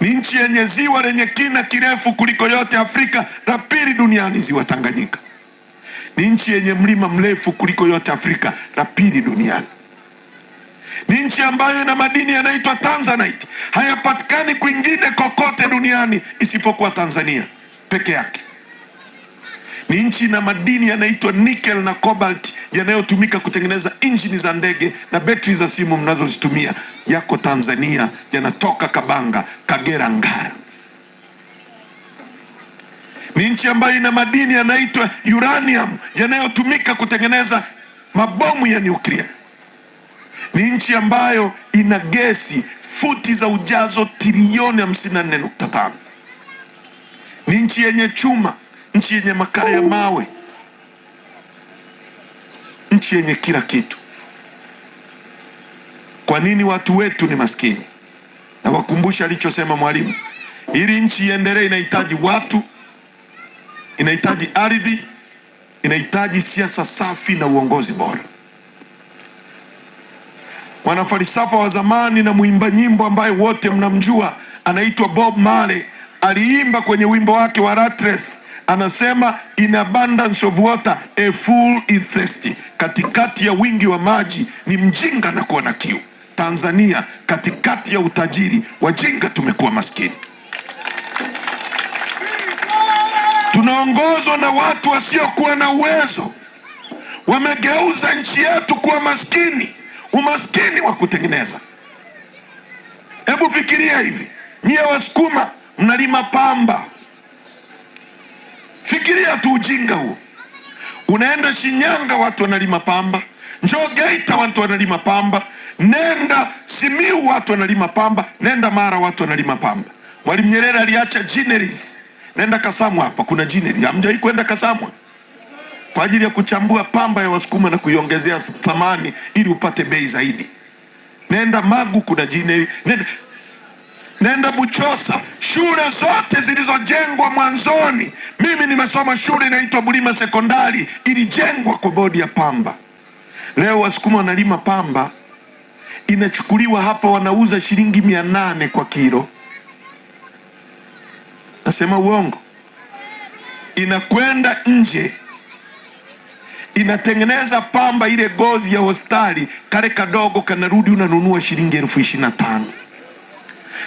ni nchi yenye ziwa lenye kina kirefu kuliko yote Afrika, la pili duniani, ziwa Tanganyika. Ni nchi yenye mlima mrefu kuliko yote Afrika, la pili duniani. Ni nchi ambayo ina madini yanaitwa Tanzanite, hayapatikani kwingine kokote duniani isipokuwa Tanzania peke yake. Ni nchi na madini yanaitwa nickel na cobalt yanayotumika kutengeneza injini za ndege na betri za simu mnazozitumia yako Tanzania, yanatoka Kabanga, Kagera, Ngara. Ni nchi ambayo ina madini yanaitwa uranium yanayotumika kutengeneza mabomu ya nyuklia. Ni nchi ambayo ina gesi futi za ujazo trilioni 54.5. Ni nchi yenye chuma nchi yenye makaa ya mawe, nchi yenye kila kitu. Kwa nini watu wetu ni maskini? Na wakumbusha alichosema Mwalimu, ili nchi iendelee inahitaji watu, inahitaji ardhi, inahitaji siasa safi na uongozi bora. Mwanafalsafa wa zamani na mwimba nyimbo ambaye wote mnamjua anaitwa Bob Marley aliimba kwenye wimbo wake wa Rattles anasema in abundance of water a fool is thirsty, katikati ya wingi wa maji ni mjinga na kuwa na kiu. Tanzania, katikati ya utajiri, wajinga tumekuwa maskini. Tunaongozwa na watu wasiokuwa na uwezo, wamegeuza nchi yetu kuwa maskini, umaskini wa kutengeneza. Hebu fikiria hivi, nyie Wasukuma mnalima pamba Fikiria tu ujinga huo. Unaenda Shinyanga watu wanalima pamba, njoo Geita watu wanalima pamba, nenda Simiu watu wanalima pamba, nenda Mara watu wanalima pamba. Mwalimu Nyerere aliacha gineries. Nenda Kasamwa hapa kuna ginery. Hamjai kwenda Kasamwa? Kwa ajili ya kuchambua pamba ya Wasukuma na kuiongezea thamani ili upate bei zaidi. Nenda Magu kuna ginery. Nenda naenda Buchosa, shule zote zilizojengwa mwanzoni. Mimi nimesoma shule inaitwa Bulima Sekondari, ilijengwa kwa bodi ya pamba. Leo wasukuma wanalima pamba, inachukuliwa hapa, wanauza shilingi mia nane kwa kilo. Nasema uongo? Inakwenda nje inatengeneza pamba ile gozi ya hospitali, kale kadogo kanarudi, unanunua shilingi elfu ishirini na tano.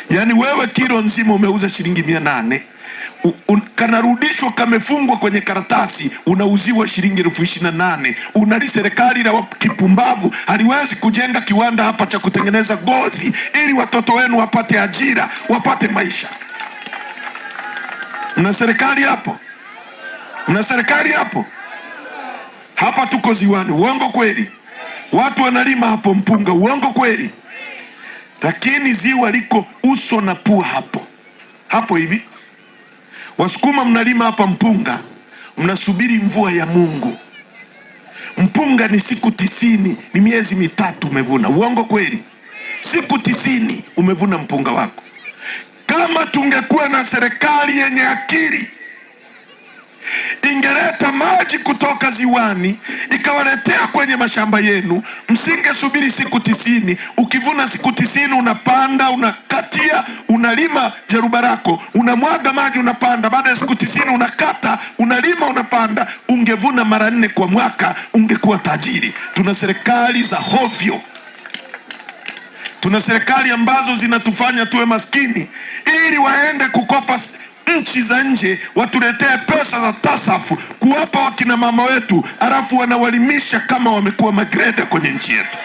Yaani wewe kilo nzima umeuza shilingi mia nane kanarudishwa kamefungwa kwenye karatasi, unauziwa shilingi elfu ishirini na nane unali. Serikali la kipumbavu haliwezi kujenga kiwanda hapa cha kutengeneza gozi ili watoto wenu wapate ajira, wapate maisha. Mna serikali hapo? Mna serikali hapo? Hapa tuko ziwani, uongo kweli? Watu wanalima hapo mpunga, uongo kweli? lakini ziwa liko uso na pua hapo hapo hivi. Wasukuma mnalima hapa mpunga, mnasubiri mvua ya Mungu. Mpunga ni siku tisini, ni miezi mitatu umevuna. Uongo kweli? Siku tisini umevuna mpunga wako. Kama tungekuwa na serikali yenye akili ingeleta maji kutoka ziwani ikawaletea kwenye mashamba yenu, msingesubiri siku tisini. Ukivuna siku tisini, unapanda unakatia, unalima jarubarako, unamwaga maji, unapanda. Baada ya siku tisini unakata, unalima, unapanda. Ungevuna mara nne kwa mwaka, ungekuwa tajiri. Tuna serikali za hovyo tuna serikali ambazo zinatufanya tuwe maskini ili waende kukopa nchi za nje watuletee pesa za tasafu kuwapa wakina mama wetu, alafu wanawalimisha kama wamekuwa magreda kwenye nchi yetu.